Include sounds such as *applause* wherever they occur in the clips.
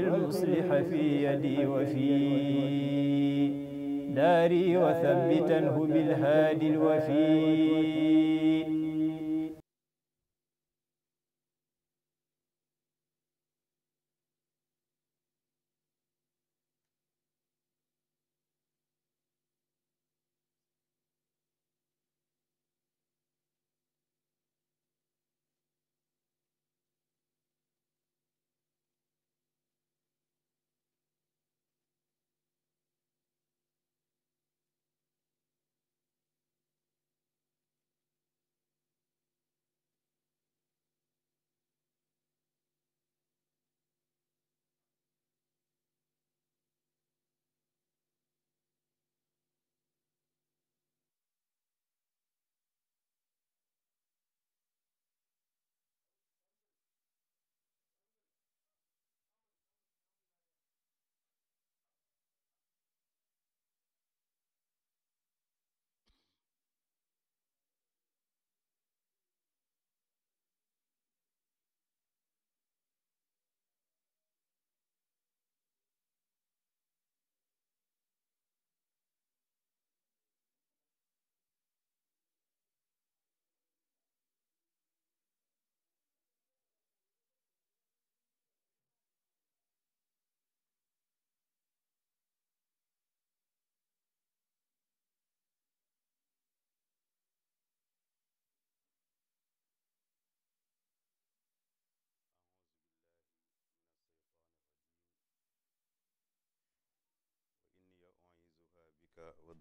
المصلح في يدي وفي داري وثبتنه بالهادي الوفي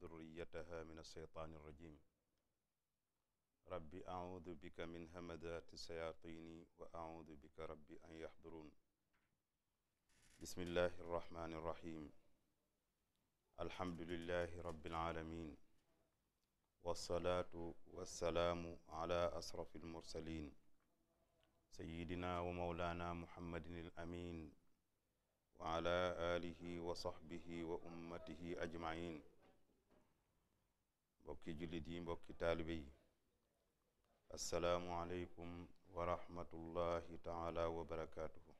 durriyataha min alsheytaani irrajim rabbi audu bika min hamadati sayatini wa audu bika rabbi an yaxduruun bismillahi irrahmani irrahim alhamdulilahi rabiilalamin walsalaatu walsalaamu ala asrafi almursalin sayidina wa maulana muhammadin al amin wa ala alihi wa sahbihi wa ummatihi ajmain mbokki jullit yi mbokki taalibe yi asalaamualeykum wa rahmatullahi taala wa barakaatuhu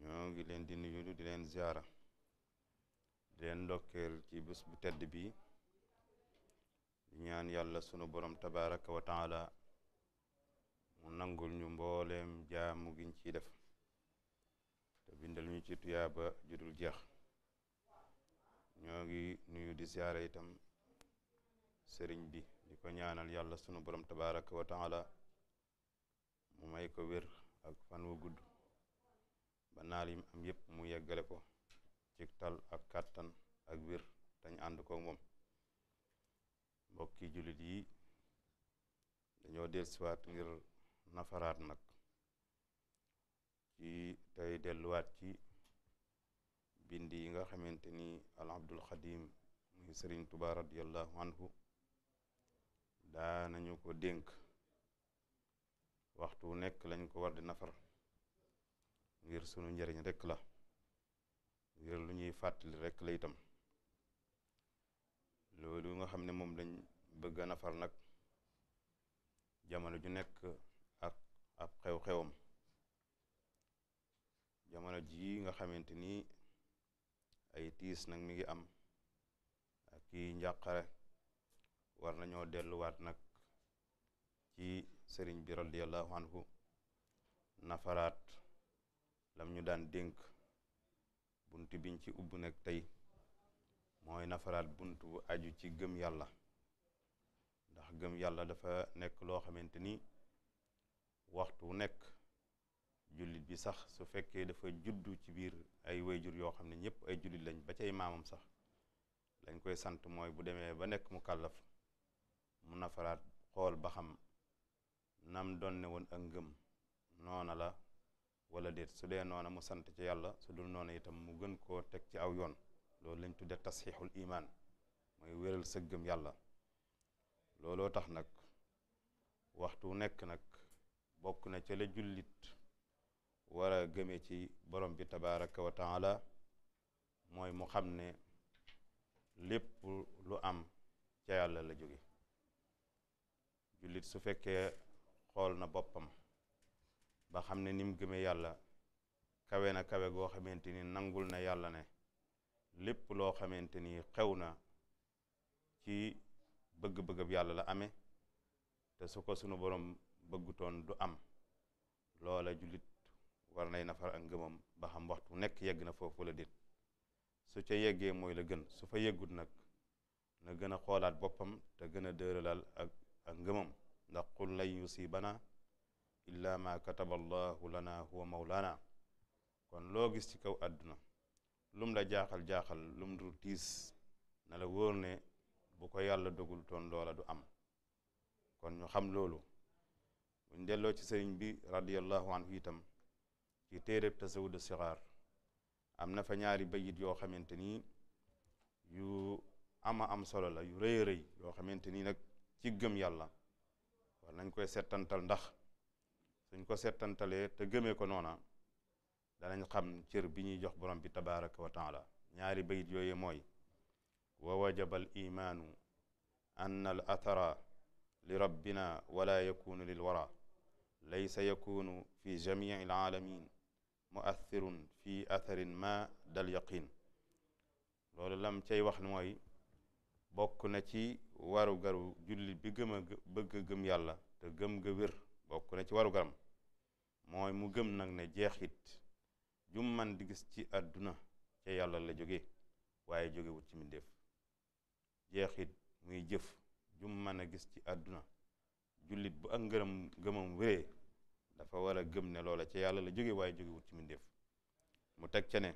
ñoo ngi leen di nuyu di leen ziara di leen ndokkeel ci bés bu tedd bi di ñaan yàlla sunu borom tabaraka wa taala mu nangul ñu mboolem jaamu gi ci def te bindal ñu ci tuyaaba judul jeex ñoo ngi nuyu di ziara itam sëriñ bi di ko ñaanal yàlla sunu borom tabaraka wa taala mu may ko wér ak fan wu gudd ba naal yim am yépp mu yeggale ko ci ak kàttan ak wér dañ ànd ko moom mbokki jullit yi dañoo dellusiwaat ngir nafaraat nag ci tey delluwaat ci bind yi nga xamante ni al abdul xadim muy sëriñ tuba radiallahu anhu daa daanañu ko dénk waxtu nekk lañ ko war nafar ngir sunu njariñ rekk la ngir lu ñuy fàttali rekk la itam loolu nga xam ne moom lañ bëgg a nafar nag jamono ju nekk ak ab xew-xewam jamono ji nga xamante ni ay tiis nag mi ngi am ak kii njàqare war nañoo delluwaat nag ci sëriñ bi radiallahu anhu nafaraat lam ñu daan dénk bunt biñ ci ubb nag tey mooy nafaraat bunt bu aju ci gëm yàlla ndax gëm yàlla dafa nekk loo xamante ni waxtu wu nekk jullit bi sax su fekkee dafa juddu ci biir ay wayjur yoo xam ne ñëpp ay jullit lañ ba cay maamam sax lañ koy sant mooy bu demee ba nekk mu kàllaf mu nafaraat xool ba xam nam doon donne woon ak ngëm noona la wala déet su dee noona mu sant ci yàlla su dul noona itam mu gën koo teg ci aw yoon loolu lañ tudde tasxiixul imaan mooy wéral sa gëm yàlla looloo tax nag waxtu nekk nag bokk na ca la jullit war a ci borom bi tabaraka wa taala mooy mu xam ne lépp lu am ca yàlla la jóge jullit su fekkee xool na boppam ba xam ne ni mu gëmee yàlla kawe na kawe goo xamante ni nangul na yàlla ne lépp loo xamante ni xew na ci bëgg-bëggab yàlla la ame te su ko sunu boroom bëggutoon du am loola jullit war nay nafar ak ngëmam ba xam waxtu nekk yegg na foofu la dit su ca yeggee mooy la gën su fa yeggut nag na gën a xoolaat boppam te gën a dëralal ak ak ngëmam ndax qul lan yusibana illa ma kataba allahu lana huwa mawlana kon loo gis ci kaw àdduna lum la jaaxal-jaaxal lum du tiis na la wóor ne bu ko yàlla dogul toon loola du am kon ñu xam loolu buñ delloo ci sëriñ bi radiallahu anhu itam ci téeréb tasawudu sixaar am na fa ñaari bayit yoo xamante nii yu ama am solo la yu rëy rëy yoo xamante nii nag ci gëm yàlla war nañ koy settantal ndax suñ ko settantalee te gëmee ko noona danañ xam cër bi ñuy jox borom bi tabaraka wa ñaari bayit yooyu mooy wa wajaba al imaanu anna al athara rabbina wala yakunu lil wara laysa yakunu fi jamii al alamin muathirun fi atharin ma dal yaqin loolu lam cay wax mooy bokk na ci warugaru jullit bi gëm bëgg gëm yàlla te gëm nga wér bokk na ci warugaram mooy mu gëm nag ne jeexit jum man di gis ci àdduna ca yàlla la jóge waaye jógewut ci mbindéef jeexit muy jëf jum mën a gis ci àdduna jullit bu ak ngërëm gëmam wéree dafa war a gëm ne loola ca yàlla la jóge waaye jógewut ci mbindéef mu teg ca ne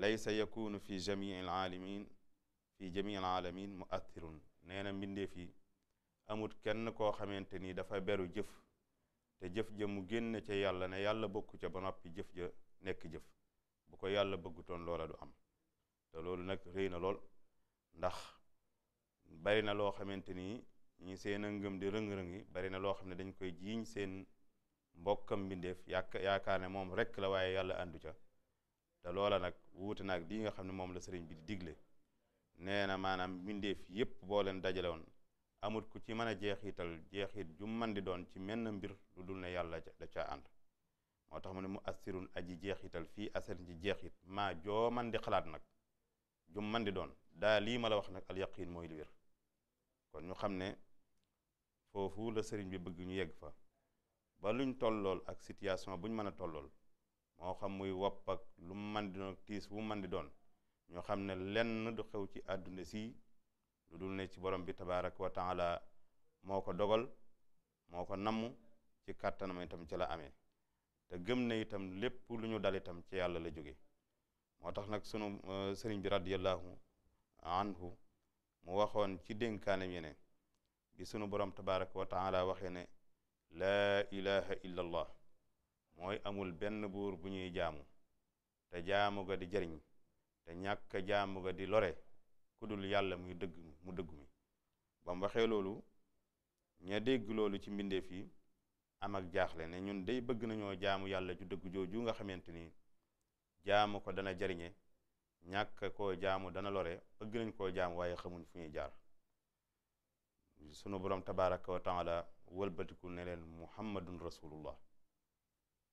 laysa yakunu fi jamii alaalimin fi jamii alamin mu athirun nee na mbindeef yi amut kenn koo xamante ni dafa beru jëf te jëf ja mu génn ca yàlla ne yàlla bokku ca ba noppi jëf ja nekk jëf bu ko yàlla bëggutoon loola du am te loolu nag rëy na lool ndax bari na loo xamante ni ñi seen a ngëm di rëng-rëng yi bari na loo xam ne dañ koy jiiñ seen mbokkam mbindeef yàkk yaakaar ne moom rekk la waaye yàlla àndu ca te loola nag wuute na ak lii nga xam ne moom la sëriñ bi di digle nee na maanaam mbindeef yépp boo leen dajalewoon woon amut ku ci mën a jeexital jeexit ju man di doon ci menn mbir lu dul ne yàlla da caa ànd moo tax mu ne mu assirun aji jeexital fii asar ci jeexit maa joo man di xalaat nag ju man di doon daa lii ma la wax nag al yaqin mooy li wér kon ñu xam ne foofu la sëriñ bi bëgg ñu yegg fa ba luñ tollool ak situation buñ mën a tollool moo xam muy wopp ak lu man di doon tiis wu man di doon ñoo xam ne lenn du xew ci àdduna si lu dul ne ci borom bi tabaraka wa taala moo ko dogal moo ko namm ci kàttanam itam ci la amee te gëm ne itam lépp lu ñu dal tam ci yàlla la jóge moo tax nag sunu euh, sëriñ bi radiallahu anhu mu waxoon ci dénkaanem yi ne bi sunu borom tabaraka wa taala waxee ne laa ilaha illa mooy amul benn buur bu ñuy jaamu te jaamu ga di jariñ te ñàkk jaamu ga di lore ku dul yàlla muy dëgg mu dëgg mi ba mu loolu ña dégg loolu ci mbindeef yi am ak jaaxle ne ñun day bëgg nañoo jaamu yàlla ju dëgg jooju nga xamante ni jaamu ko dana jariñe ñàkk koo jaamu dana lore bëgg nañ koo jaamu waaye xamuñ fu ñuy jaar sunu borom tabaraka wa taala wëlbatiku ne leen muhammadun rasulullah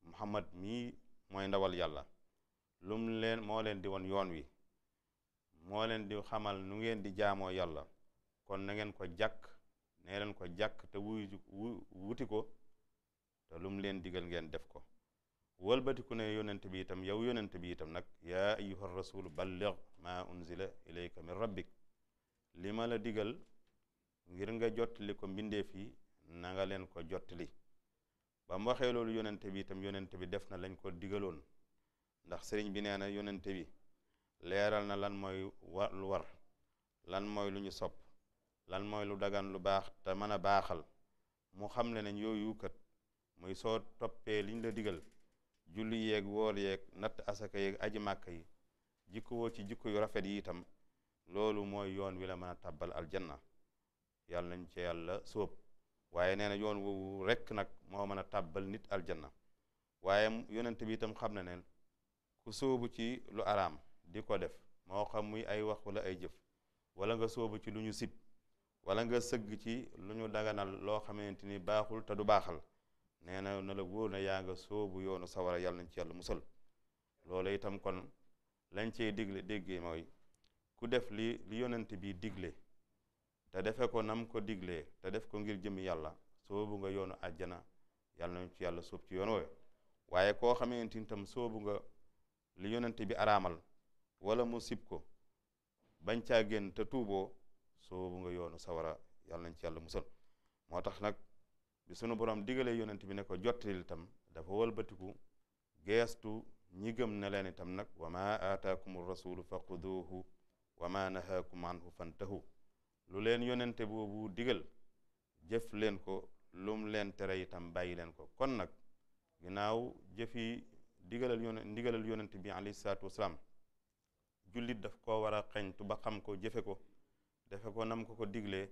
muhammad mii mooy ndawal yàlla lum leen moo leen di won yoon wi moo leen di xamal nu ngeen di jaamoo yàlla kon na ngeen ko jàkk ne leen ko jàkk te wuy wuti ko te lum leen digal ngeen def ko walbatiku ne yonent bi itam yow yonent bi itam nag yaa ayyuha rasul balligh ma unzila ilayka min rabbik li ma la digal ngir nga jottali ko mbindeef yi nanga leen ko jottali ba mu waxee loolu yonent bi itam yonent bi def na lañ ko digaloon ndax sëriñ bi nee na yonente bi leeral na lan mooy wa lu war lan mooy lu ñu sopp lan mooy lu dagan lu baax te mën a baaxal mu xam le nañ yooyu kat muy soo toppee liñ la digal julli yeeg woor yeeg natt asaka yeeg aji màkk yi jikko ci jikko yu rafet yi itam loolu mooy yoon wi la mën a tàbbal aljanna yàlla nañ ci yàlla sóob waaye nee na yoon woowu rek nag moo mën a tàbbal nit aljanna waaye yonent bi xam na ne ku sóobu ci lu araam di ko def moo xam muy ay wax wala ay jëf wala nga soobu ci lu ñu sib wala nga sëgg ci lu ñu daganal loo xamante ni baaxul te du baaxal nee na na la wóor na yaa nga soobu yoonu sawara yàlla nañ ci yàlla musal loolu itam kon lañ cey digle déggee mooy ku def li li yonent bi digle te defe nam ko diglee te def ko ngir jëmi yàlla sóobu nga yoonu àjjana yàlla nañ ci yàlla sóob ci yoon woowe waaye koo xamante ni tam sóobu nga li yonente bi araamal wala mu sib ko bañ caa génn te tuuboo soobu nga yoonu sawara yàlla nañ ci yàlla musal moo tax nag bi sunu borom digalee yonent bi ne ko jottil itam dafa walbatiku geestu ñi gëm ne leen itam nag wa ma aataakum rasulu fa xuduuhu wa ma nahaakum anhu fantahu lu leen yonente boobu digal jëf leen ko lum leen tere itam bàyyi leen ko kon nag ginnaaw jëfi digalal yonent ndigalal yonent bi alayhi salaatu wasalaam jullit daf koo war a xeñtu ba xam ko jëfe ko defe ko nam ko ko diglee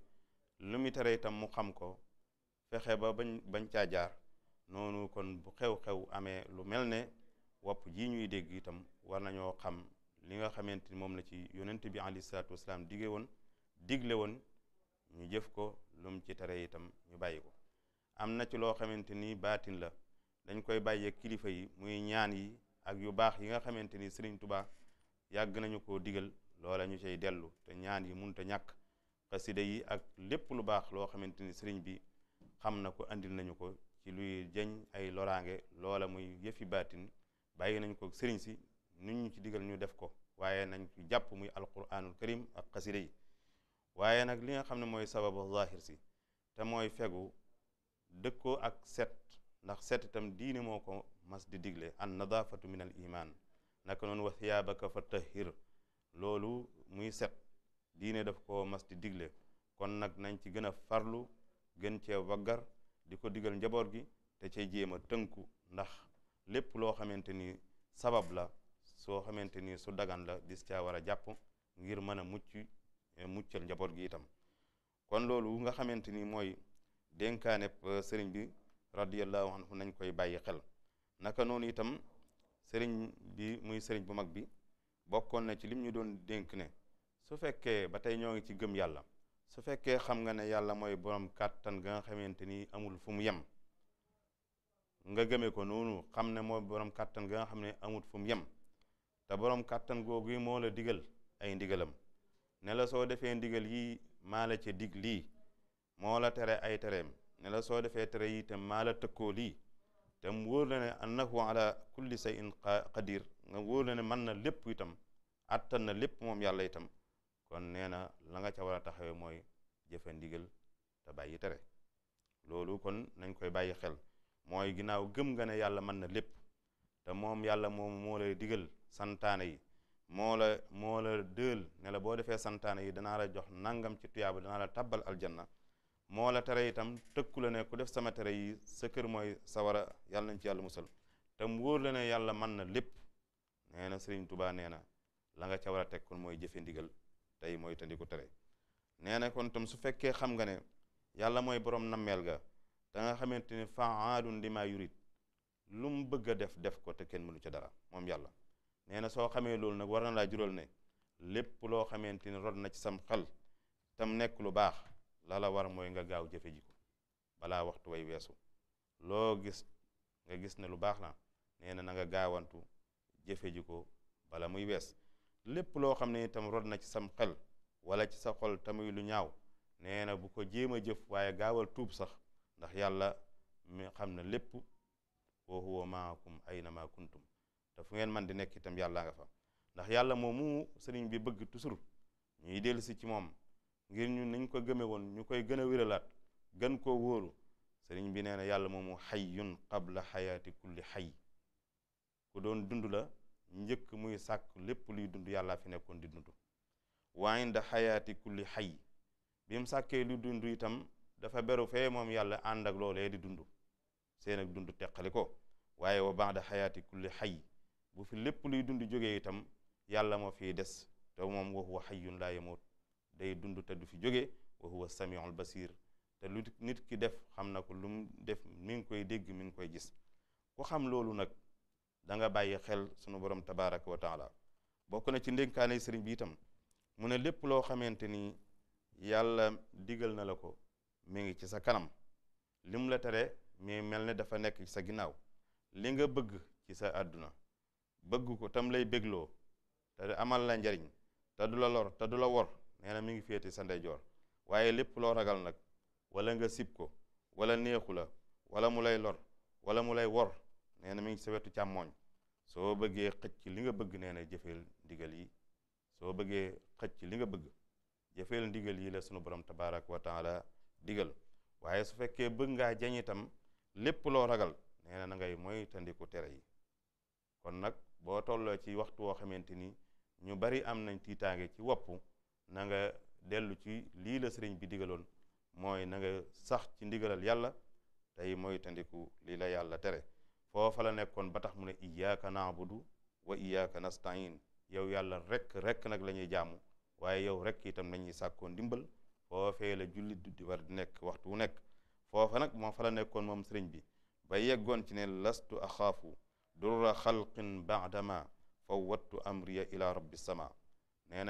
lu mu tere itam mu xam ko fexe ba bañ bañ caa jaar noonu kon bu xew-xew amee lu mel ne wopp ji ñuy dégg itam war nañoo xam li nga xamante ni moom la ci yonent bi alayhi salaatu wasalaam digge woon digle woon ñu jëf ko lum mu ci tere itam ñu bàyyi ko am na ci loo xamante ni baatin la dañ koy bàyyee kilifa yi muy ñaan yi ak yu baax yi nga xamante ni Sëriñ Tuubaa yàgg nañu ko digal loola ñu cay dellu te ñaan yi mënut a ñàkk xasida yi ak lépp lu baax loo xamante ni sëriñ bi xam na ko andil nañu ko ci luy jeñ ay loraange loola muy yëfi baatin bàyyi nañ ko sëriñ si nu ñu ci digal ñu def ko waaye nañ jàpp muy alquranul karim ak xasida yi waaye nag li nga xam ne mooy sababu zahir si te mooy fegu dëkkoo ak set ndax set itam diine moo ko mas di digle an nadaafatu min al imaan naka noon wa thiyaabaka fa tahir loolu muy set diine def ko mas di digle kon nag nañ ci gën a farlu gën cee waggar di ko digal njaboot gi te cee jéem a tënku ndax lépp loo xamante ni sabab la soo xamante ni su dagan la dis caa war a jàpp ngir mën a mucc eh, muccal njaboot gi itam kon loolu nga xamante ni mooy dénkaaneb eh, sëriñ bi radiyallahu anhu nañ koy bàyyi xel naka noonu itam sëriñ bi muy sëriñ bu mag bi bokkoon na ci lim ñu doon dénk ne su fekkee ba tey ñoo ngi ci gëm yàlla su fekkee xam nga ne yàlla mooy borom kàttan ga nga xamante ni amul fu mu yem nga gëmee ko noonu xam ne mooy borom kàttan ga xam ne amul fu mu yem te borom kàttan googu moo la digal ay ndigalam ne la soo defee ndigal yi maa la ca dig lii moo la tere ay tereem ne la soo defee tere yi te maa la tëkkoo lii te mu wóor la ne annahu ala kulli shay'in qadir nga wóor la ne mën na lépp itam attan na lépp moom yàlla itam kon nee na la nga ca war a taxawee mooy jëfe ndigal te bàyyi tere loolu kon nañ koy bàyyi xel mooy ginnaaw gëm nga ne yàlla mën na lépp te moom yàlla moom moo lay digal santaane yi moo la moo la dël ne la boo defee santaane yi danaa la jox nangam ci tuyaaba danaa la tabbal aljanna moo la tere itam tëkku la ne ku def sama tere yi sa kër mooy sawara yàlla nañ ci yàlla musal te mu wóor la ne yàlla mën na lépp nee na Sëriñ Tuubaa nee na la nga ca war a teg kon mooy jëfe ndigal tey mooy tandiku tere nee na kon tam su fekkee xam nga ne yàlla mooy borom nammeel ga te nga xamante ni faalun lima yurid lu mu bëgg a def def ko te kenn mënu ca dara moom yàlla nee na soo xamee loolu nag war na laa jural ne lépp loo xamante ne rod na ci sam xel tam nekk lu baax la la mooy nga gaaw jëfe ji ko balaa waxtu way weesu loo gis nga gis ne lu baax la nee na na nga gaawantu jëfe ji ko bala muy wees lépp loo xam ne itam rod na ci sam xel wala ci sa xol tamuy lu ñaaw nee na bu ko jéem a jëf waaye gaawal tuub sax ndax yàlla mi xam ne lépp wa huwa ay ayna ma kuntum te fu ngeen man di nekk itam yàlla nga fa ndax yàlla moomu sëriñ bi bëgg toujours ñuy dellu si ci moom ngir ñun niñ ko gëme woon ñu koy gën a wéralaat gën koo wóoru sëriñ bi nee na yàlla moomu yun qabla xayaati kulli xay ku doon dund la njëkk muy sàkk lépp luy dund yàllaa fi nekkoon di dund wa inda xayaati kulli xay bi mu lu dund itam dafa beru moom yàlla ànd ak loolee di dund seen dund teqali ko waaye wa baada xayaati kulli xay bu fi lépp luy dund jógee itam yàlla moo fiy des te moom wa huwa xayyun laa yamuut day dund te du fi jóge wa huwa samiul basir te lu nit ki def xam na ko lu mu def mi ngi koy dégg mi ngi koy gis ku xam loolu nag danga bàyyi xel sunu borom tabaraka wa taala bokk na ci ndénkaane sëriñ bi itam mu ne lépp loo xamante ni yàlla digal na la ko mi ngi ci sa kanam li mu la tere mais mel ne dafa nekk ci sa ginnaaw li nga bëgg ci sa àdduna bëgg ko tam lay bégloo te amal la njariñ te du la lor te du la wor nee na mi ngi féete sa ndeyjoor waaye lépp loo ragal nag wala nga sib ko wala neexu la wala mu lay lor wala mu lay wor nee na mi ngi sa wetu càmmooñ soo bëggee xëcc li nga bëgg nee na jëfeel ndigal yi soo bëggee xëcc li nga bëgg jëfeel ndigal yi la sunu borom tabarak wa taala digal waaye su fekkee bëgg ngaa jañ itam lépp loo ragal nee na na ngay moytandiku tere yi kon nag boo tolloo ci waxtu woo xamante ni ñu bari am nañ tiitaange ci wopp na nga dellu ci lii la sëriñ bi digaloon mooy na sax ci ndigalal yàlla tey mooy tandiku lii la yàlla tere foofa la nekkoon ba tax mu ne iyyaka na'budu wa iyyaka nasta'in yow yàlla rek rek nag lañuy ñuy jaamu waaye yow rek itam la ñuy sàkkoo ndimbal foofee la jullit di di nekk waxtu wu nekk foofa nag moo fa la nekkoon moom sëriñ bi ba yeggoon ci ne lastu axaafu durra xalqin baadama fawattu amriya ila rabbi sama nee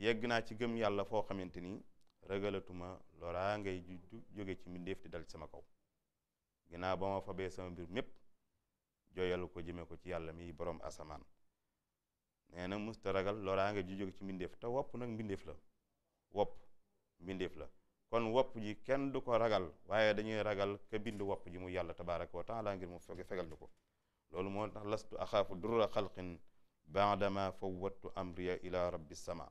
yegg naa ci gëm yàlla foo xamante ni ragalatuma loraa ngay jóge ci mbindeef di dal sama kaw ginnaaw ba ma fabee sama mbir mépp ko jëme ko ci yàlla mi borom asamaan nee na musta ragal loraa nga ju jóge ci mbindeef te wopp nag mbindeef la wopp mbindeef la kon wopp ji kenn du ko ragal waaye dañuy ragal ka bind wopp ji mu yàlla tabaraka wa taala ngir mu fegal ñu ko loolu moo tax lastu axaafu durra xalqin baadama fawattu amriya ila rabbi sama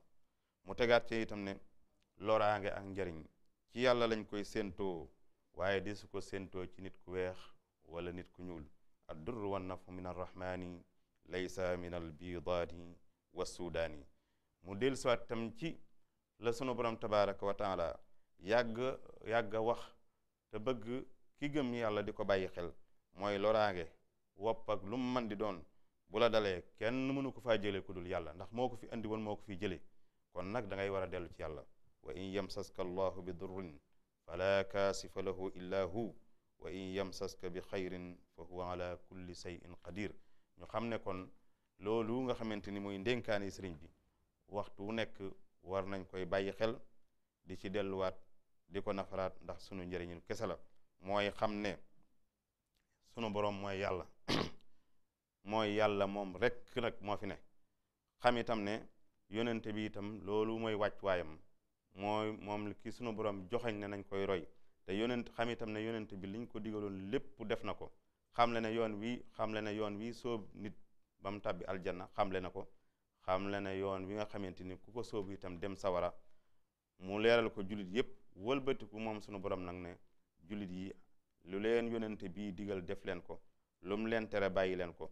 mu tegaat ci itam ne loraange ak njariñ ci yàlla lañ koy séentoo waaye desu ko séentoo ci nit ku weex wala nit ku ñuul addurr wa nafu min arrahmani laysa min albidaani wa suudaani mu dellu siwaat tam ci la sunu borom tabaraka wa taala yàgg yàgg a wax te bëgg ki gëm yàlla di ko bàyyi xel mooy loraange wopp ak lu mu man di doon bu la dalee kenn munu ko faa jëlee ku dul yàlla ndax moo ko fi andi woon moo ko fi jëlee kon nag da ngay war a dellu ci yàlla wa in yamsaska allahu bi durrin fala kaasifa lahu illa hu wa in yamsaska bi xayrin fa huwa ala kulli shay'in qadir ñu xam ne kon loolu nga xamante ni mooy ndénkaani sëriñ bi waxtu wu nekk war nañ koy bàyyi xel di ci delluwaat di ko nafaraat ndax sunu njëriñul kese la mooy xam ne sunu boroom mooy yàlla *coughs* yàlla moom rekk nag moo fi ne xam itam ne yonente bi itam loolu mooy wàccuwaayam mooy moom ki sunu borom joxañ ne nañ koy roy te yonent xam itam ne yonent bi liñ ko digaloon lépp def na ko xam le ne yoon wi xam le ne yoon wi sóob nit ba mu tàbbi aljanna xam le na ko xam le ne yoon wi nga xamante ni ku ko sóobu itam dem sawara mu leeral ko jullit yépp walbatiku moom sunu borom nag ne jullit yi lu leen yonente bii digal def leen ko lu mu leen tere bàyyi leen ko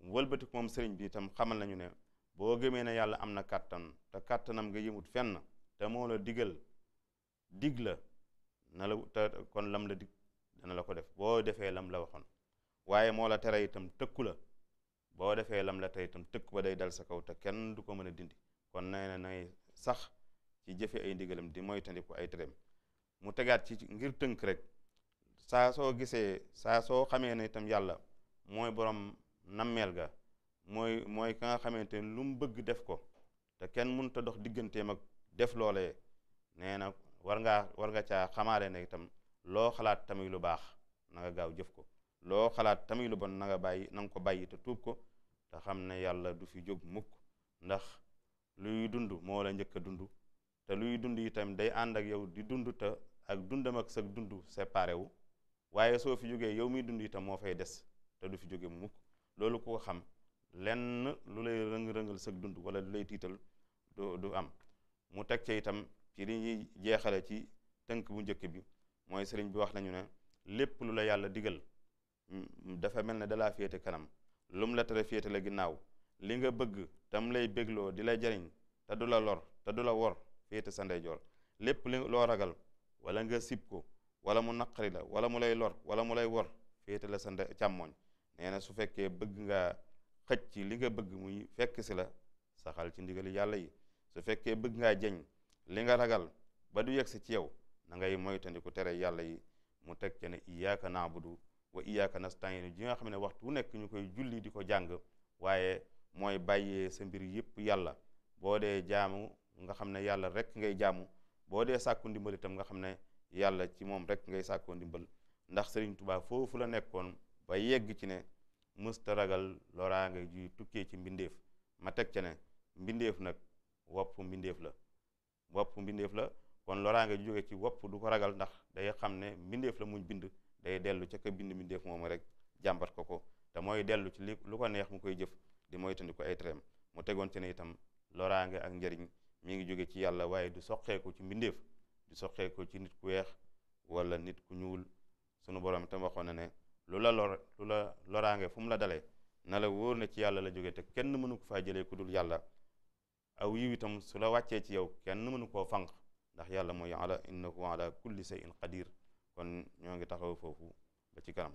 wëlbatiku moom sëriñ bi itam xamal nañu ne boo gëmee na yàlla am na kàttan te kàttanam nga yëmut fenn te moo la digal dig la na la te kon lam la dig dana la ko def boo defee lam la waxoon waaye moo la tere itam tëkku la boo defee lam la tere itam tëkku ba day dal sa kaw te kenn du ko mën a dindi kon nee na nay sax ci jëfe ay ndigalam di moytandiku ay tereem mu tegaat ci ngir tënk rek saa soo gisee saa soo xamee ne itam yàlla mooy borom nammeel ga mooy mooy ka nga xamante ne lu mu bëgg def ko te kenn mënut a dox digganteem ak def loole nee na war ngaa war nga caa xamaale ne itam loo xalaat tamit lu baax na gaaw jëf ko loo xalaat tamit lu bon na bàyyi nanga ko bàyyi te tuub ko te xam ne yàlla du fi jóg mukk ndax luy dund moo la njëkk a dund te luy dund itam day ànd ak yow di dund te ak dundam ak sa dund séparé waaye soo fi jógee yow miy dund itam moo fay des te du fi jóge mukk loolu ku ko xam lenn lu lay rëng-rëngal sag dund wala lu lay tiital du du am mu teg ca itam ci li ñuy jeexale ci tënk bu njëkk bi mooy sëriñ bi wax nañu ne lépp lu la yàlla digal mm, dafa mel ne dalaa féete kanam lu la tere féete la ginnaaw li nga bëgg tam lay bégloo di la jariñ te du la lor te du la wor féete sa ndeyjoor lépp li loo ragal walla nga sib ko wala mu naqari la wala mu lay lor wala mu lay wor féete la sa ndey càmmooñ nee na su fekkee bëgg nga xëj ci li nga bëgg muy fekk si la saxal ci ndigali yàlla yi su fekkee bëgg ngaa jeñ li nga ragal ba du yegsi ci yow na ngay ku tere yàlla yi mu teg ca ne iyyaka na'budu wa iyyaka nasta'in ji nga xam ne waxtu wu nekk ñu koy julli di ko jàng waaye mooy bàyyee sa mbir yëpp yàlla boo dee jaamu nga xam ne yàlla rek ngay jaamu boo dee sàkku ndimbal itam nga xam ne yàlla ci moom rek ngay sàkkoo ndimbal ndax Sëriñ tubaab foofu la nekkoon ba yegg ci ne mësta ragal loraange juy tukkee ci mbindeef ma teg ca ne mbindeef nag wopp mbindeef la wopp mbindeef la kon loraange ju jóge ci wopp du ko ragal ndax day xam ne mbindeef la muñ bind day dellu ca ka bind mbindeef moom rek jàmbat ko ko te mooy dellu ci li lu ko neex mu koy jëf di moytandi ko ay tereem mu tegoon ci ne itam loraange ak njariñ mi ngi jóge ci yàlla waaye du soqeeku ci mbindeef du soqeeku ci nit ku weex wala nit ku ñuul sunu borom itam waxoon na ne lu la lor lu la loraange fu mu la dalee na la wóor ne ci yàlla la jógee te kenn mënu ko faa jëlee ku dul yàlla aw yiw itam su la wàccee ci yow kenn mënu koo fànq ndax yàlla mooy ala innahu ala kulli shay'in qadir kon ñoo ngi taxaw foofu ba ci kanam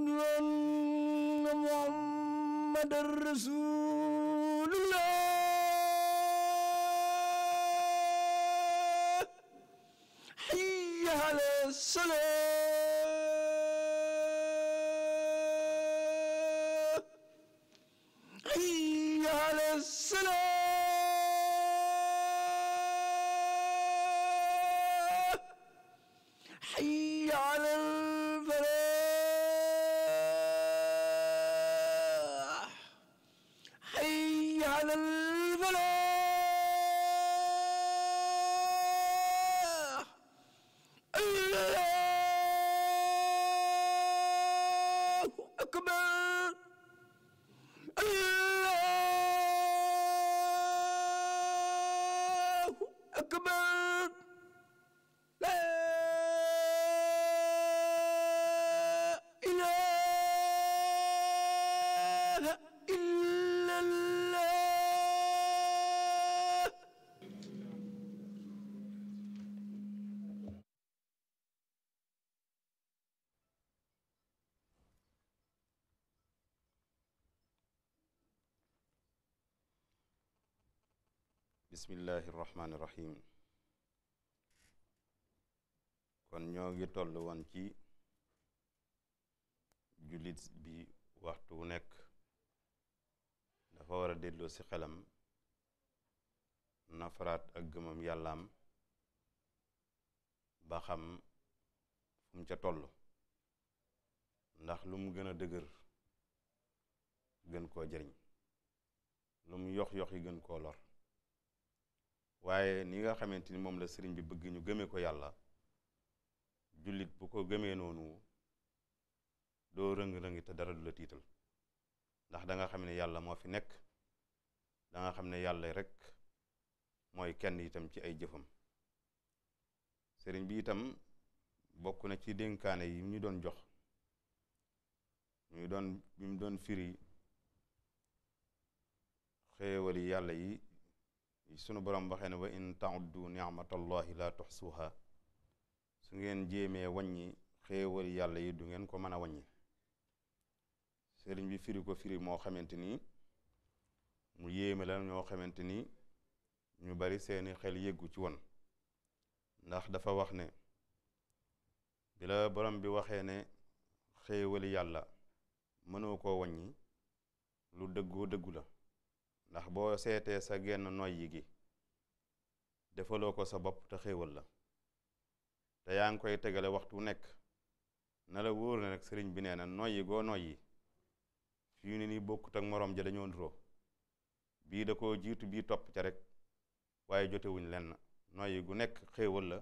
Muhammadur Rasul akbar bismillahi rahmaani rahim kon ñoo ngi toll woon ci jullit bi waxtu wu nekk dafa war a delloo si xelam nafaraat ak gëmam yàllaam ba xam fu ca tollu ndax lu mu gën a dëgër gën koo jëriñ lu mu yox yox yi gën koo lor waaye ni nga xamante ni moom la sëriñ bi bëgg ñu gëmee ko yàlla jullit bu ko gëmee noonu doo rëng-rëngi te dara du la tiital ndax danga xam ne yàlla moo fi nekk danga xam ne yàlla rek mooy kenn itam ci ay jëfam sëriñ bi itam bokk na ci dénkaane yi ñu doon jox ñu doon ñu doon firi xéewali yàlla yi sunu borom waxee ne wa in tauddu nicmatallahi la tuxsuha su ngeen jéemee waññi xéewal yàlla yi du ngeen ko mën a wàññi sëriñ bi firi ko firi moo xamante ni mu yéeme la ñoo xamante ni ñu bari seeni xel yëggu ci woon ndax dafa wax ne bi borom bi waxee ne xéewali yàlla mënoo ko waññi lu dëggoo dëggu la ndax boo seetee sa genn noyyi gi defaloo ko sa bopp te xéewal la te yaa ngi koy tegale waxtu nekk na la wóor na nag sëriñ bi nee na noyyi goo noyyi fii ne nii bokkut ak moroom ja dañoo nuroo bii da koo jiitu bii topp ca rek waaye jotewuñ lenn noyyi gu nekk xéewal la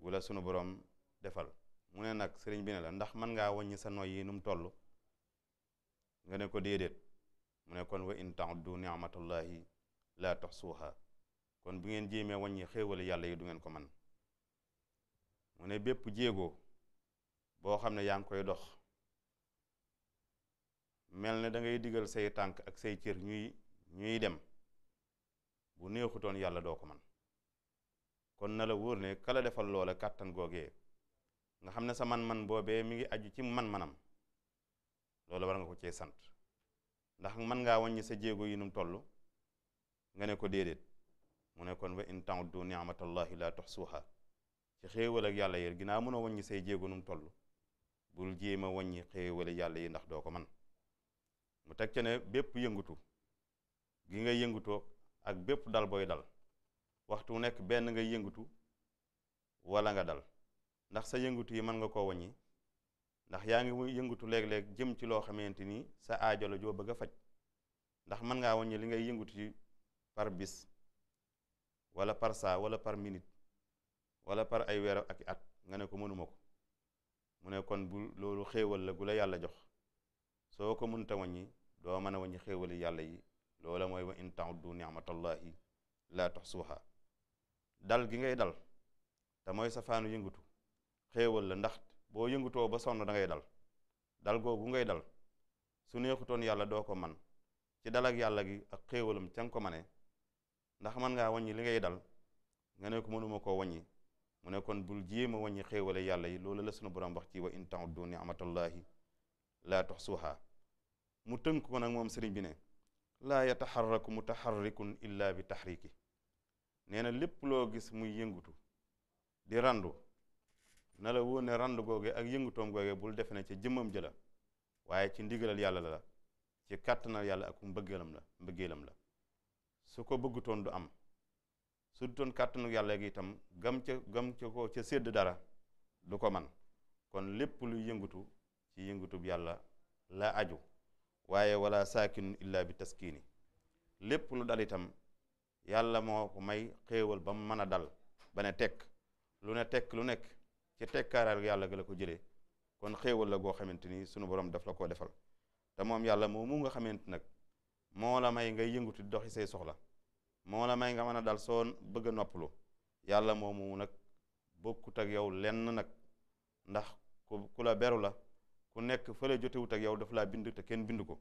gu la sunu borom defal mu ne nag sëriñ bi ne la ndax mën ngaa wàññi sa noyyi nu mu toll nga ne ko déedéet mu ne kon wa in tauddu laay laa tuxsuuha kon bu ngeen jéemee wàññi xéewale yàlla yi du ngeen ko man mu ne bépp jéegoo boo xam ne yaa ngi koy dox mel ne dangay digal say tànk ak say cër ñuy ñuy dem bu neexutoon yàlla doo ko man kon na la wóor ne kala defal loola kàttan googee nga xam ne sa man-man boobee mi ngi aju ci man-manam loolu war nga ko cee sant ndax mën ngaa waññi sa jéego yi num toll nga ne ko déedéet mu ne kon wa in ta'uddu ni'matallahi la tuhsuha ci xéewal ak yàlla yi ginaa mën a wàññi say jéego num toll bul jéem a wàññi xéewal yàlla yi ndax doo ko man mu teg ca ne bépp yëngutu gi nga yëngutoo ak bépp dal booy dal waxtu nekk benn nga yëngutu walla nga dal ndax sa yëngutu yi mën nga koo waññi ndax yaa ngi yëngatu léeg-léeg jëm ci loo xamante ni sa aajo la joo bëgg a faj ndax mën ngaa wàññi li ngay yëngatu ci par bis wala par saa wala par minute wala par ay weer ak at nga ne ko mënuma ko mu ne kon bu loolu xéewal la gu la yàlla jox soo ko mënta wàññi doo mën a wàññi xéewali yàlla yi loola mooy wa in ta'uddu ni'matallahi laa tuhsuha dal gi ngay dal te mooy safaanu yëngatu xéewal la ndax boo yëngutoo ba sonn dangay ngay dal dal googu ngay dal su neexutoon yàlla doo ko man ci dal yàlla gi ak xéewalam ca nga ko mane ndax man ngaa wàññi li ngay dal nga ne ko mënuma koo waññi mu ne kon bul jéem a wàññi xéewale yàlla yi loolu la sunu borom wax ci wa in ta'uddu ni'matallahi laa tox tuhsuha mu tënk ko nag moom sëriñ bi ne laa yataxarraku mutaxarrikun illa bi taxriki nee na lépp loo gis muy yëngutu di randu na la wóor ne rand googe ak yëngutoom googe bul defe ne ca jëmmam jëla waaye ci ndigalal yàlla la ci kàttanal yàlla ak mbëggeelam la mbëggeelam la su ko bëggutoon du am su dutoon kàttanu yàlla gi itam gam ca gam ca ko ca sédd dara du ko man kon lépp lu yëngutu ci yëngutub yàlla la aju waaye wala saakinun illa bi taskiini lépp lu dal itam yàlla moo ko may xéewal ba mu mën a dal ba ne tekk lu ne tekk lu nekk ci tekkaaral yàlla ga la ko jëlee kon xéewal la goo xamante ni sunu borom daf la koo defal te moom yàlla moo mu nga xamante nag moo la may ngay yëngutu di doxi say soxla moo la may nga mën a dal soon bëgg a noppalu yàlla moomu nag bokkut ak yow lenn nag ndax ku ku la beru la ku nekk fële jotewut ak yow daf laa bind te kenn bind ko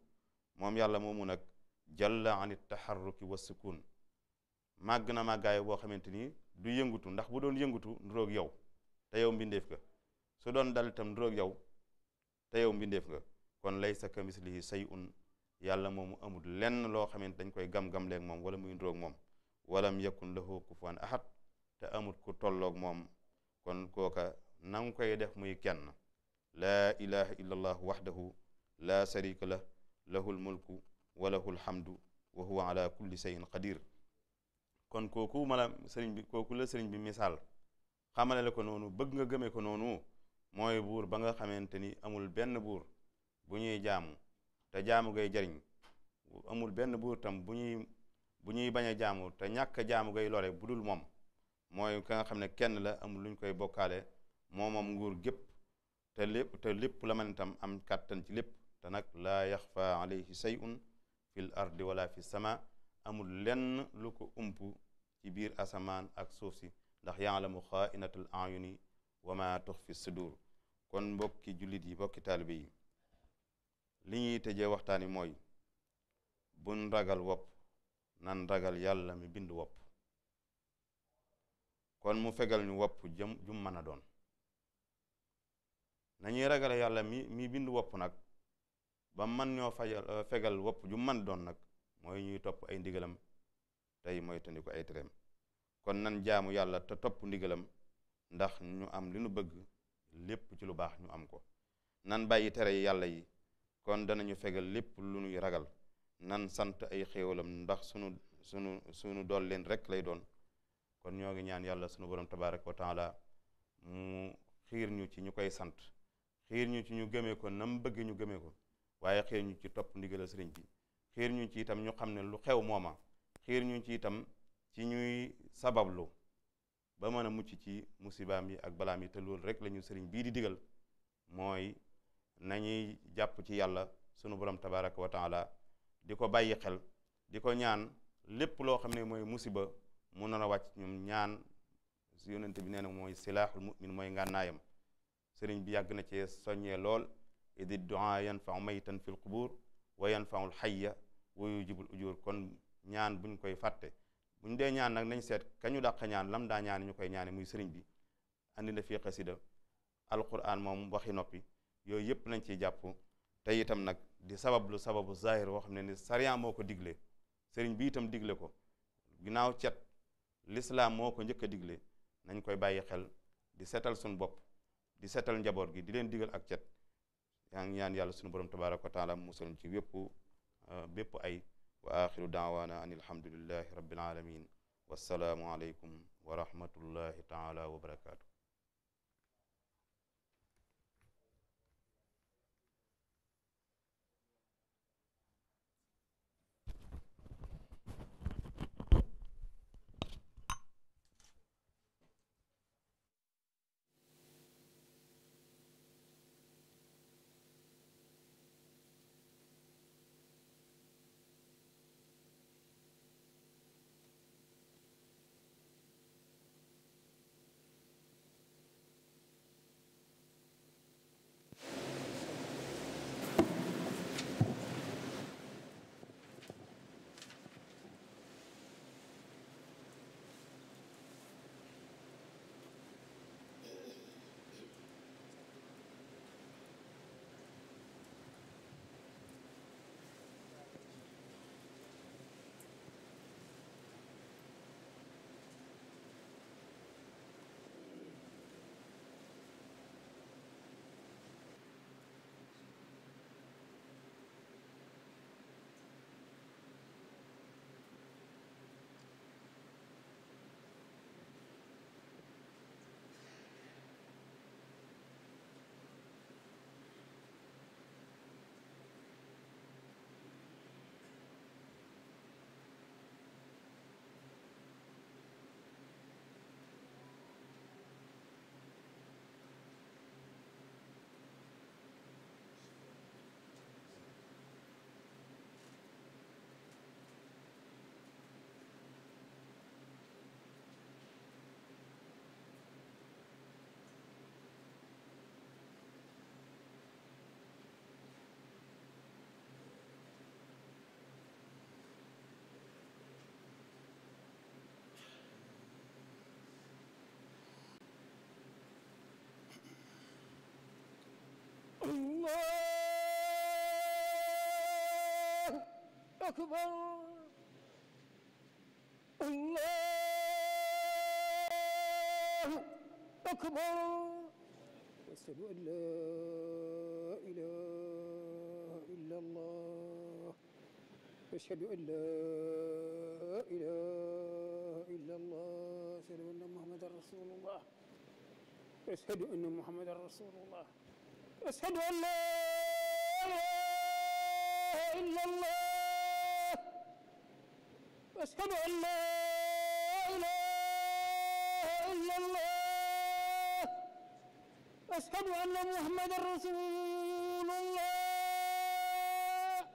moom yàlla moomu nag jalla an taxarruki wa sukun màgg na màggaay boo xamante ni du yëngutu ndax bu doon yëngutu nduroog yow te yow mbindeef nga su doon dal itam duróog yow te yow mbindeef nga kon laysa kamislihi shay'un yàlla moomu amul lenn loo xamante dañ koy gam-gam leeg moom wala muy duróog moom walam yakun lahu kufuwan ahad te amul ku tollook moom kon kooka na nga koy def muy kenn laa ilaha illa allah la sharika lah lahu lmulku wa lahu lhamdu wa huwa ala kulli shay'in qadir kon kooku mala sëriñ bi kooku la sëriñ bi misaal xamale la ko noonu bëgg nga gëme ko noonu mooy buur ba nga xamante ni amul benn buur bu ñuy jaamu te jaamu gay jariñ amul benn buur tam bu ñuy bu ñuy bañ a jaamu te ñàkk jaamu gay loole bu dul moom mooy ka nga xam ne kenn la amul lu ñu koy bokkaale moo moom nguur gépp te lépp lépp la man tam am kàttan ci lépp te nag laa yaxfa alayhi sayun fil ardi wala fi sama amul lenn lu ko ump ci biir asamaan ak suuf si ndax yaalamu xaainatul ayuni wa ma tuxfi sudur kon mbokki jullit yi mbokki taalibe yi li ñuy tëjee waxtaan yi mooy buñ ragal wopp nan ragal yàlla mi bind wopp kon mu fegal ñu wopp jëm jum mën a doon nañuy ragal yàlla mi mi bind wopp nag bam man ñoo fajal fegal wopp jum man doon nag mooy ñuy topp ay ndigalam tey mooy tandi ko ay tereem kon nan jaamu yàlla te topp ndigalam ndax ñu am li ñu bëgg lépp ci lu baax ñu am ko nan bàyyi tere yi yàlla yi kon danañu fegal lépp lu ñuy ragal nan sant ay xéewalam ndax sunu sunu sunu dool leen rek lay doon kon ñoo ngi ñaan yàlla sunu borom tabaraka wa taala mu xiir ñu ci ñu koy sant xiir ñu ci ñu gëmee ko nam bëgg ñu gëmee ko waaye xiir ñu ci topp ndigalal sëriñ bi xiir ñu ci itam ñu xam ne lu xew mooma xiir ñu ci itam ci ñuy sabablu ba mën a mucc ci musibaam yi ak balaam yi te loolu rek lañu sëriñ bii di digal mooy nañuy jàpp ci yàlla sunu borom tabaraka wa di ko bàyyi xel di ko ñaan lépp loo xam ne mooy musiba mu nar a wàcc ñoom ñaan yonente bi nee na mooy silaaxul mumin mooy ngànnaayam sëriñ bi yàgg na cee soññee lool idi duaa yanfau maytan fi l qubur wa yanfaul xayya wa yujibul ujur kon ñaan buñ koy fàtte bu ñu dee ñaan nag nañ seet kañu dàq ñaan lam daa ñaan ñu koy ñaane muy sëriñ bi andi la fii xasida alquran moom waxi noppi yooyu yëpp nañ ciy jàpp tey itam nag di sabab lu sababu zahir boo xam ne ni sariya moo ko digle sëriñ bi itam digle ko ginnaaw cet lislaam moo ko njëkk a digle nañ koy bàyyi xel di seetal suñu bopp di seetal njaboot gi di leen digal ak cet yaa ngi ñaan yàlla suñu borom tabaraka wa taala musal ci wépp euh, bépp ay wa axiru daawaana an alhamdulillahi rabbil alamin wassalaamu aleykum wa rahmatullahi taala wa barakaatu أكبر الله أكبر وأشهد أن لا إله إلا الله وأشهد أن لا إله إلا الله أشهد أن محمدا رسول الله أشهد أن محمدا رسول الله أشهد أن لا إله إلا الله واشهد ان لا اله الا الله واشهد ان محمدا رسول الله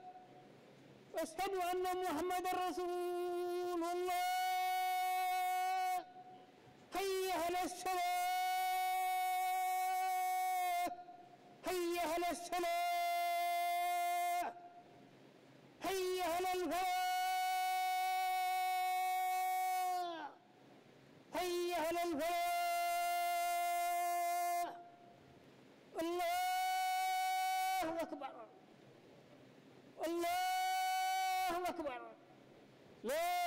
واشهد ان محمدا رسول akbar allahu akbar la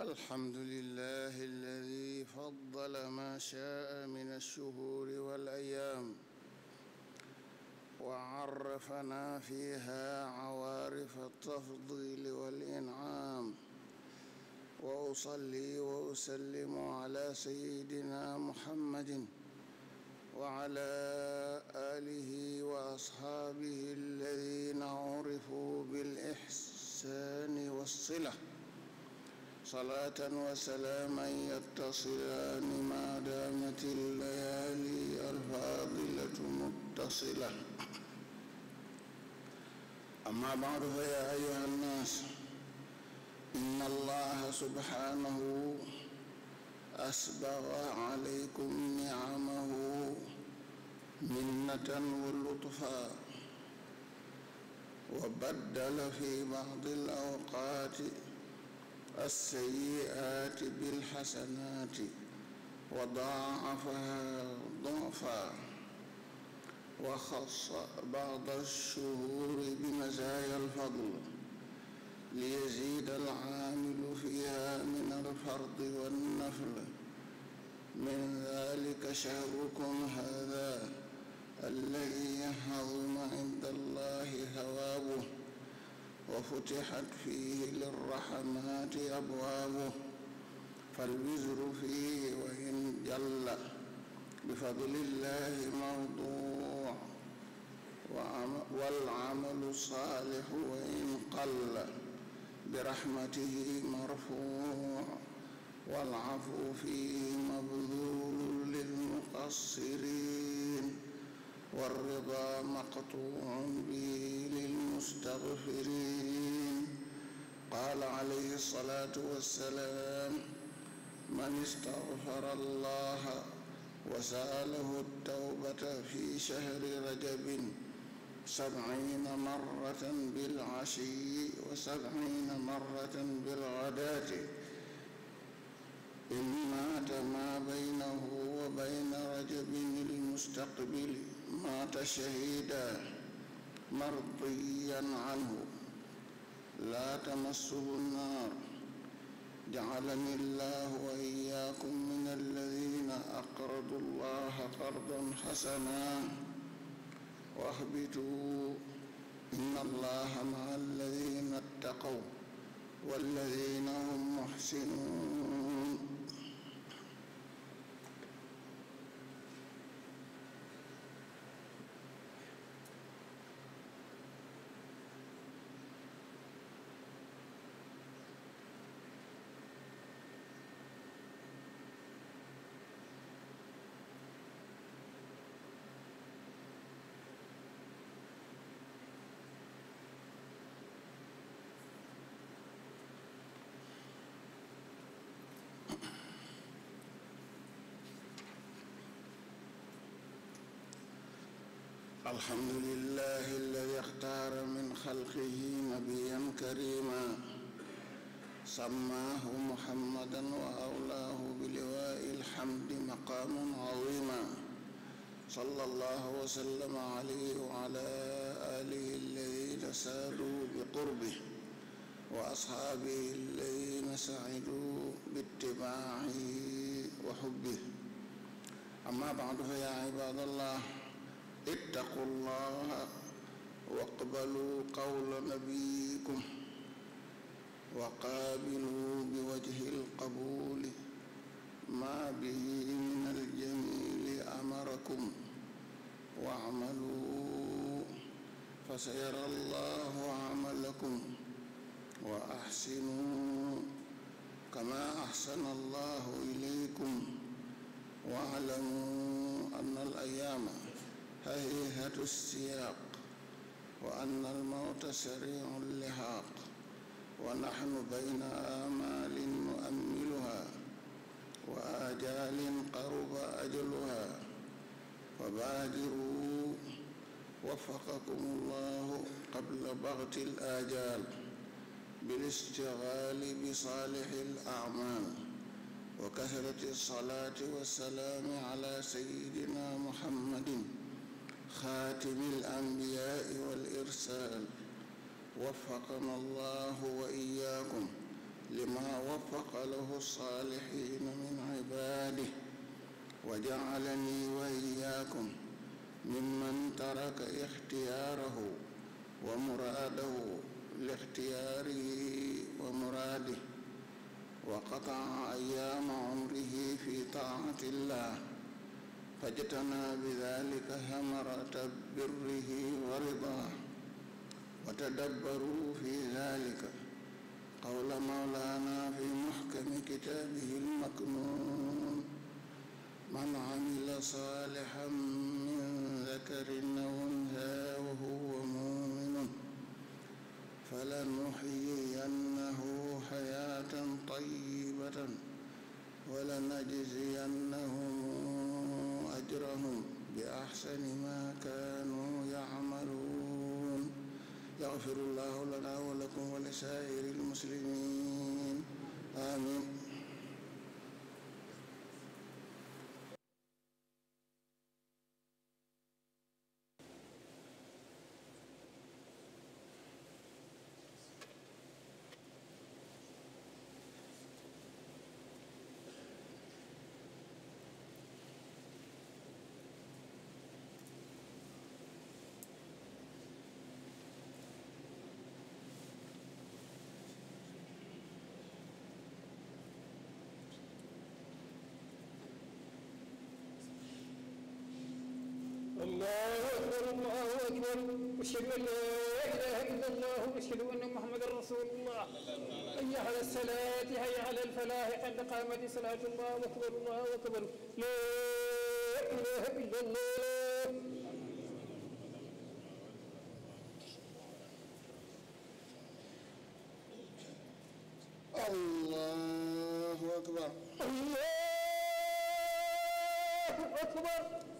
الحمد لله الذي فضل ما شاء من الشهور والأيام وعرفنا فيها عوارف التفضيل والإنعام وأصلي وأسلم على سيدنا محمد وعلى آله وأصحابه الذين عرفوا بالإحسان والصلة صلاة وسلاما يتصلان ما دامت الليالي الفاضلة متصلة أما بعد فيا أيها الناس إن الله سبحانه أسبغ عليكم نعمه منة ولطفا وبدل في بعض الأوقات السيئات بالحسنات وضاعفها ضعفا وخص بعض الشهور بمزايا الفضل ليزيد العامل فيها من الفرض والنفل من ذلك شهركم هذا الذي حظم عند الله ثوابه وفتحت فيه للرحمات أبوابه فالبزر فيه وإن جل بفضل الله موضوع والعمل الصالح وإن قل برحمته مرفوع والعفو فيه مبذول للمقصرين والرضا مقطوع به للمستغفرين قال عليه الصلاة والسلام من استغفر الله وسأله التوبة في شهر رجب سبعين مرة بالعشي وسبعين مرة بالغداة إن مات ما بينه وبين رجب المستقبل مات شهيدا مرضيا عنه لا تمسه النار جعلني الله وإياكم من الذين أقرضوا الله قرضا حسنا واهبطوا إن الله مع الذين اتقوا والذين هم محسنون الحمد لله الذي اختار من خلقه نبيا كريما سماه محمدا وأولاه بلواء الحمد مقام عظيما صلى الله وسلم عليه وعلى آله الذين سادوا بقربه وأصحابه الذين سعدوا باتباعه وحبه أما بعد فيا عباد الله ittaqu llaha waqbaluu qawla nabiyikum waqaabiluu biwajhi lqabuli maa bihi min aljamili amarakum wacmaluu fasayara allahu amalakum wa axsinuu kama axsana allahu ilaykum waclamuu anna al ayaama هيهة السياق وأن الموت سريع اللحاق ونحن بين آمال نؤملها وآجال قرب أجلها فبادروا وفقكم الله قبل بغت الآجال بالاستغال بصالح الأعمال وكثرة الصلاة والسلام على سيدنا محمد خاتم الأنبياء والإرسال وفقنا الله وإياكم لما وفق له الصالحين من عباده وجعلني وإياكم ممن ترك اختياره ومراده لاختياره ومراده وقطع أيام عمره في طاعة الله فاجتنى بذلك ثمرة بره ورضاه وتدبروا في ذلك قول مولانا في محكم كتابه المكنون من عمل صالحا من ذكر أو أنثى وهو مؤمن فلنحيينه حياة طيبة ولنجزينهم أجرهم بأحسن ما كانوا يعملون يغفر الله لنا ولكم ولسائر المسلمين آمين الله أكبر الله أكبر أشهد أن لا إله إلا الله وأشهد أن محمدا رسول الله حي على الصلاة حي على الفلاح قد قامت صلاة الله أكبر الله أكبر لا إله إلا الله الله أكبر الله أكبر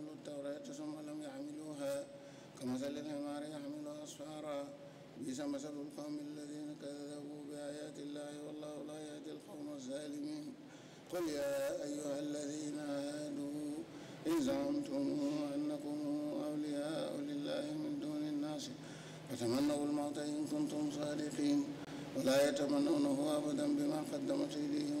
التوراة ثم لم يحملوها كمثل الحمار يحمل أسفارا بئس مثل القوم الذين كذبوا بآيات الله والله لا يهدي القوم الظالمين قل يا أيها الذين هادوا إن زعمتم أنكم أولياء لله من دون الناس فتمنوا الموت إن كنتم صادقين ولا يتمنونه أبدا بما قدمت إليهم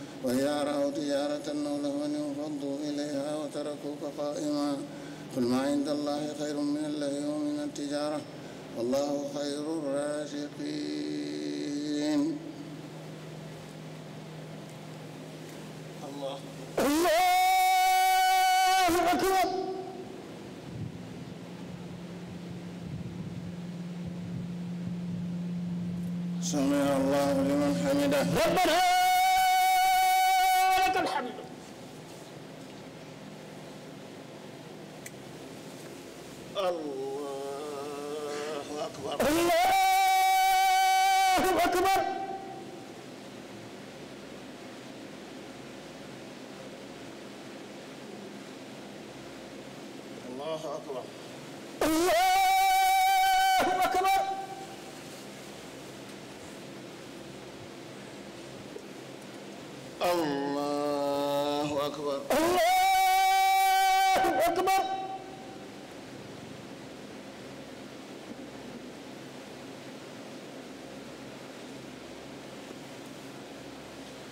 وإذا رأوا تجارة أو لهوا انفضوا إليها وتركوك قائما قل ما عند الله خير من اللهو ومن التجارة والله خير الرازقين الله الله أكبر سمع الله لمن حمده ربنا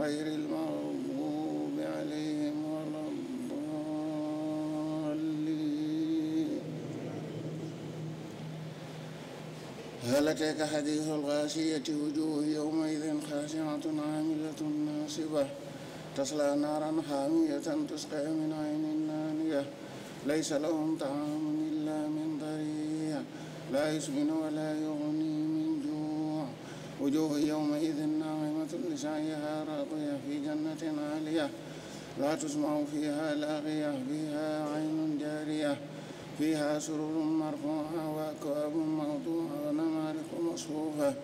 غير المغضوب عليهم ولا الضالين هل أتاك حديث الغاشية وجوه يومئذ خاشعة عاملة ناصبة تصلى نارا حامية تسقى من عين نانية ليس لهم طعام إلا من ضريع لا يسمن ولا يغني من جوع وجوه يومئذ لسعيها راضية في جنة عالية لا تسمع فيها لاغية فيها عين جارية فيها سرور مرفوعة وأكواب موضوعة ونمارق مصفوفة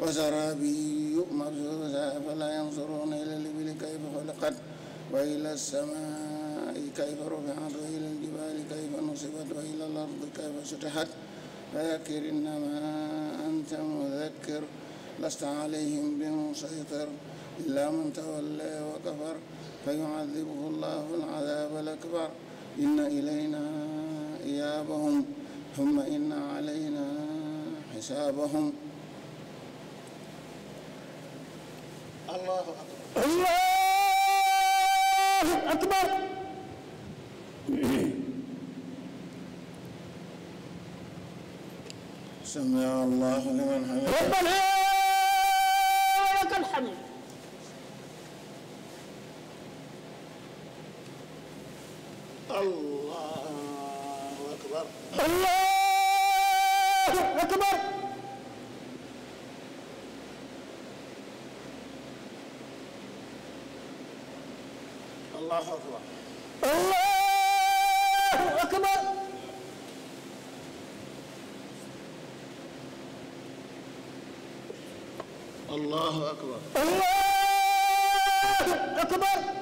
وزرابي مبثوثة فلا ينظرون إلى الإبل كيف خلقت وإلى السماء كيف رفعت وإلى الجبال كيف نصبت وإلى الأرض كيف سطحت فذكر إنما أنت مذكر لست عليهم بمسيطر إلا من تولى وكفر فيعذبه الله العذاب الأكبر إن إلينا إيابهم ثم إن علينا حسابهم الله أكبر الله أكبر سمع الله لمن حمده ربنا الله أكبر الله أكبر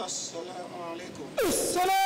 asalaamaaleykum.